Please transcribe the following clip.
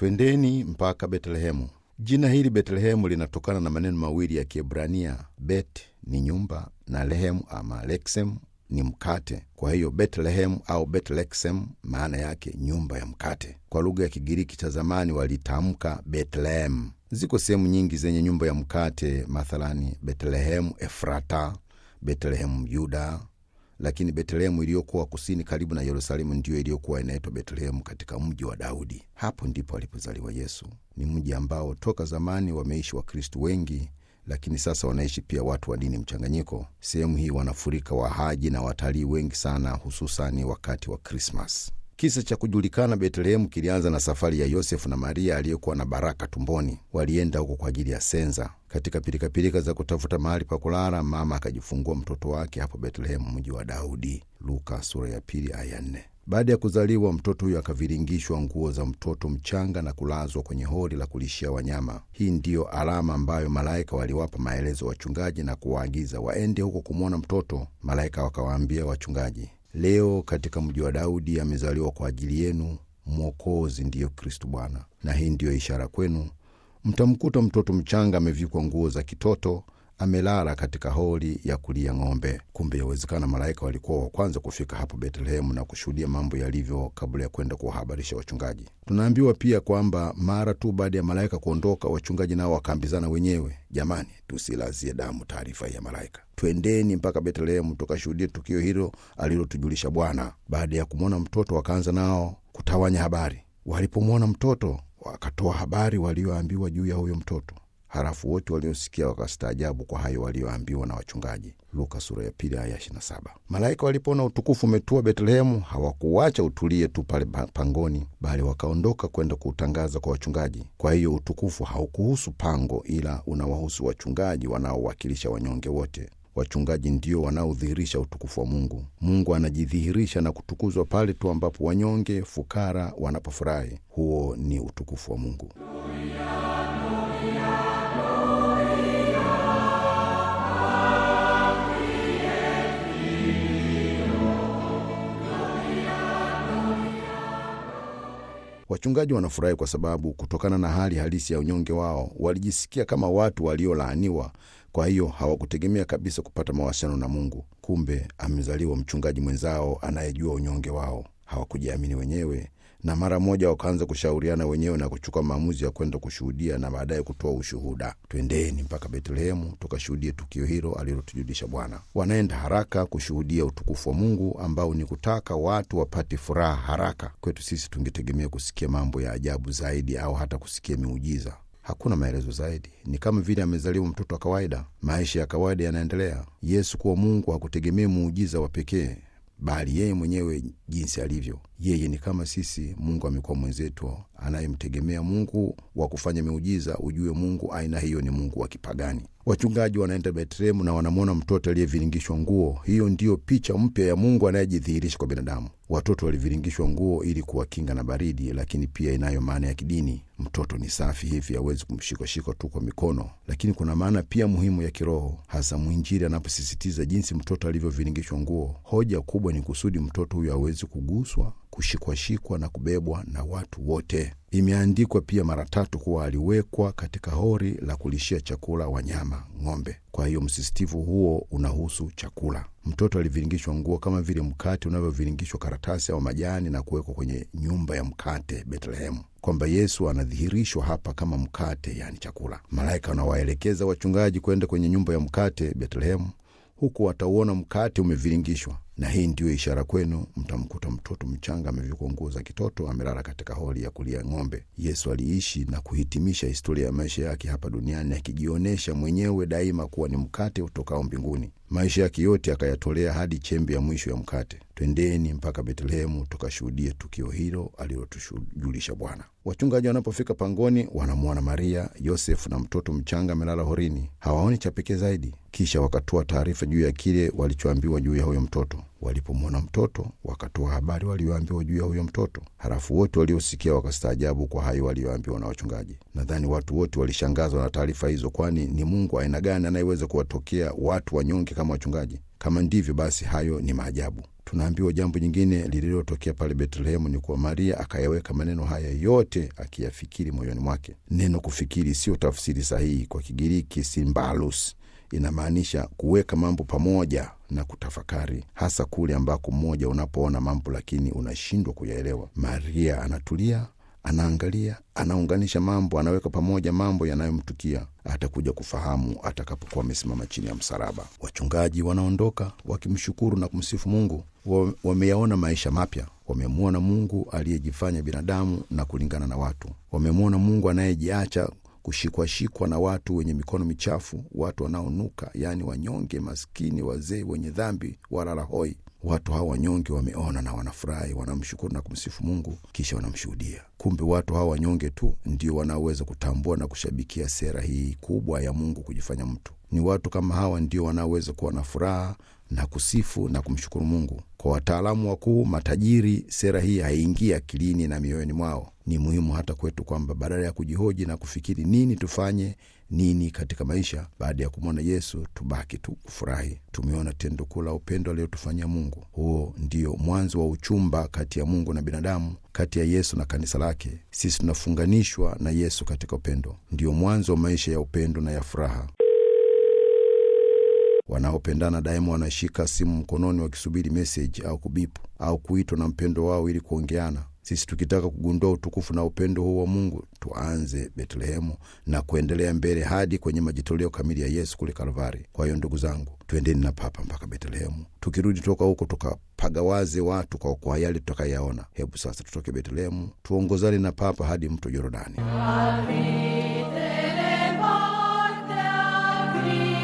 twendeni mpaka Betlehemu. Jina hili Betlehemu linatokana na maneno mawili ya Kiebrania, bet ni nyumba na lehemu ama leksem ni mkate. Kwa hiyo Betlehemu au Betleksem maana yake nyumba ya mkate. Kwa lugha ya Kigiriki cha zamani walitamka Betlehem. Ziko sehemu nyingi zenye nyumba ya mkate, mathalani Betlehemu Efrata, Betlehemu Yuda, lakini Betlehemu iliyokuwa kusini karibu na Yerusalemu ndiyo iliyokuwa inaitwa Betlehemu katika mji wa Daudi. Hapo ndipo alipozaliwa Yesu. Ni mji ambao toka zamani wameishi Wakristu wengi, lakini sasa wanaishi pia watu wa dini mchanganyiko. Sehemu hii wanafurika wahaji na watalii wengi sana, hususani wakati wa Krismas. Kisa cha kujulikana Betlehemu kilianza na safari ya Yosefu na Maria aliyekuwa na baraka tumboni. Walienda huko kwa ajili ya senza. Katika pilikapilika za kutafuta mahali pa kulala, mama akajifungua mtoto wake hapo Betlehemu, mji wa Daudi. Luka sura ya pili aya nne. Baada ya kuzaliwa mtoto huyo akaviringishwa nguo za mtoto mchanga na kulazwa kwenye hori la kulishia wanyama. Hii ndiyo alama ambayo malaika waliwapa maelezo wachungaji na kuwaagiza waende huko kumwona mtoto. Malaika wakawaambia wachungaji, Leo katika mji wa Daudi amezaliwa kwa ajili yenu Mwokozi, ndiyo Kristu Bwana. Na hii ndiyo ishara kwenu, mtamkuta mtoto mchanga amevikwa nguo za kitoto amelala katika holi ya kulia ng'ombe. Kumbe yawezekana malaika walikuwa wa kwanza kufika hapo Betlehemu na kushuhudia mambo yalivyo kabla ya kwenda kuwahabarisha wachungaji. Tunaambiwa pia kwamba mara tu baada ya malaika kuondoka, wachungaji nao wakaambizana wenyewe, jamani, tusilazie damu taarifa ya malaika, twendeni mpaka Betlehemu tukashuhudia tukio hilo alilotujulisha Bwana. Baada ya kumwona mtoto, wakaanza nao kutawanya habari. Walipomwona mtoto, wakatoa habari walioambiwa juu ya huyo mtoto Halafu wote waliosikia wakastaajabu kwa hayo walioambiwa na wachungaji. Luka sura ya pili aya ishirini na saba. Malaika walipoona utukufu umetua Betlehemu, hawakuwacha utulie tu pale pangoni, bali wakaondoka kwenda kuutangaza kwa wachungaji. Kwa hiyo utukufu haukuhusu pango, ila unawahusu wachungaji wanaowakilisha wanyonge wote. Wachungaji ndio wanaodhihirisha utukufu wa Mungu. Mungu anajidhihirisha na kutukuzwa pale tu ambapo wanyonge, fukara wanapofurahi. Huo ni utukufu wa Mungu. Wachungaji wanafurahi kwa sababu kutokana na hali halisi ya unyonge wao walijisikia kama watu waliolaaniwa. Kwa hiyo hawakutegemea kabisa kupata mawasiliano na Mungu. Kumbe amezaliwa mchungaji mwenzao anayejua unyonge wao. Hawakujiamini wenyewe, na mara moja wakaanza kushauriana wenyewe na kuchukua maamuzi ya kwenda kushuhudia na baadaye kutoa ushuhuda. Twendeni mpaka Betlehemu tukashuhudie tukio hilo alilotujulisha Bwana. Wanaenda haraka kushuhudia utukufu wa Mungu ambao ni kutaka watu wapate furaha haraka. Kwetu sisi tungetegemea kusikia mambo ya ajabu zaidi au hata kusikia miujiza. Hakuna maelezo zaidi, ni kama vile amezaliwa mtoto wa kawaida. Maisha ya kawaida yanaendelea. Yesu kuwa Mungu hakutegemea muujiza wa pekee, bali yeye mwenyewe jinsi alivyo yeye. Ni kama sisi, Mungu amekuwa mwenzetu anayemtegemea Mungu wa kufanya miujiza. Ujue Mungu aina hiyo ni Mungu wa kipagani. Wachungaji wanaenda Betlehemu na wanamwona mtoto aliyeviringishwa nguo. Hiyo ndiyo picha mpya ya Mungu anayejidhihirisha kwa binadamu. Watoto waliviringishwa nguo ili kuwakinga na baridi, lakini pia inayo maana ya kidini. Mtoto ni safi hivi, awezi kumshikashika tu kwa mikono, lakini kuna maana pia muhimu ya kiroho, hasa mwinjiri anaposisitiza jinsi mtoto alivyoviringishwa nguo. Hoja kubwa ni kusudi mtoto huyo aweze hawezi kuguswa, kushikwashikwa na kubebwa na watu wote. Imeandikwa pia mara tatu kuwa aliwekwa katika hori la kulishia chakula wanyama, ng'ombe. Kwa hiyo msisitivu huo unahusu chakula. Mtoto aliviringishwa nguo kama vile mkate unavyoviringishwa karatasi au majani na kuwekwa kwenye nyumba ya mkate Betlehemu, kwamba Yesu anadhihirishwa hapa kama mkate, yani chakula. Malaika anawaelekeza wachungaji kwenda kwenye nyumba ya mkate Betlehemu, huku watauona mkate umeviringishwa na hii ndiyo ishara kwenu, mtamkuta mtoto mchanga amevikwa nguo za kitoto, amelala katika holi ya kulia ng'ombe. Yesu aliishi na kuhitimisha historia ya maisha yake hapa duniani akijionyesha mwenyewe daima kuwa ni mkate utokao mbinguni. Maisha yake yote akayatolea hadi chembe ya mwisho ya mkate. Twendeni mpaka Betlehemu tukashuhudie tukio hilo alilotushujulisha Bwana. Wachungaji wanapofika pangoni, wanamwona Maria, Yosefu na mtoto mchanga amelala horini. Hawaoni cha pekee zaidi. Kisha wakatoa taarifa juu ya kile walichoambiwa juu ya huyo mtoto. Walipomwona mtoto, wakatoa habari walioambiwa juu ya huyo mtoto. Halafu wote waliosikia wakastaajabu kwa hayo walioambiwa na wachungaji. Nadhani watu wote walishangazwa na taarifa hizo, kwani ni Mungu aina gani anayeweza kuwatokea watu wanyonge kama wachungaji? Kama ndivyo basi, hayo ni maajabu. Tunaambiwa jambo nyingine lililotokea pale Betlehemu ni kuwa Maria akayaweka maneno haya yote akiyafikiri moyoni mwake. Neno kufikiri sio tafsiri sahihi kwa Kigiriki simbalus inamaanisha kuweka mambo pamoja na kutafakari, hasa kule ambako mmoja unapoona mambo lakini unashindwa kuyaelewa. Maria anatulia, anaangalia, anaunganisha mambo, anaweka pamoja mambo yanayomtukia. Atakuja kufahamu atakapokuwa amesimama chini ya msalaba. Wachungaji wanaondoka wakimshukuru na kumsifu Mungu, wameyaona maisha mapya. Wamemwona Mungu aliyejifanya binadamu na kulingana na watu. Wamemwona Mungu anayejiacha kushikwashikwa na watu wenye mikono michafu, watu wanaonuka, yaani wanyonge, maskini, wazee, wenye dhambi, walala hoi. Watu hawa wanyonge wameona na wanafurahi, wanamshukuru na kumsifu Mungu, kisha wanamshuhudia. Kumbe watu hawa wanyonge tu ndio wanaoweza kutambua na kushabikia sera hii kubwa ya Mungu kujifanya mtu. Ni watu kama hawa ndio wanaoweza kuwa na furaha na kusifu na kumshukuru Mungu. Kwa wataalamu wakuu, matajiri, sera hii haiingii akilini na mioyoni mwao. Ni muhimu hata kwetu kwamba badala ya kujihoji na kufikiri nini tufanye nini katika maisha, baada ya kumwona Yesu tubaki tu kufurahi. Tumeona tendo kuu la upendo aliyotufanyia Mungu. Huo ndio mwanzo wa uchumba kati ya Mungu na binadamu, kati ya Yesu na kanisa lake. Sisi tunafunganishwa na Yesu katika upendo, ndiyo mwanzo wa maisha ya upendo na ya furaha wanaopendana daima wanashika simu mkononi wakisubiri meseji au kubipu au kuitwa na mpendo wao ili kuongeana. Sisi tukitaka kugundua utukufu na upendo huu wa Mungu, tuanze Betlehemu na kuendelea mbele hadi kwenye majitoleo kamili ya Yesu kule Kalvari. Kwa hiyo ndugu zangu, twendeni na Papa mpaka Betlehemu. Tukirudi toka huko, tukapagawaze watu kwa kwa yale tutakayaona. Hebu sasa tutoke Betlehemu, tuongozane na Papa hadi mto Amen.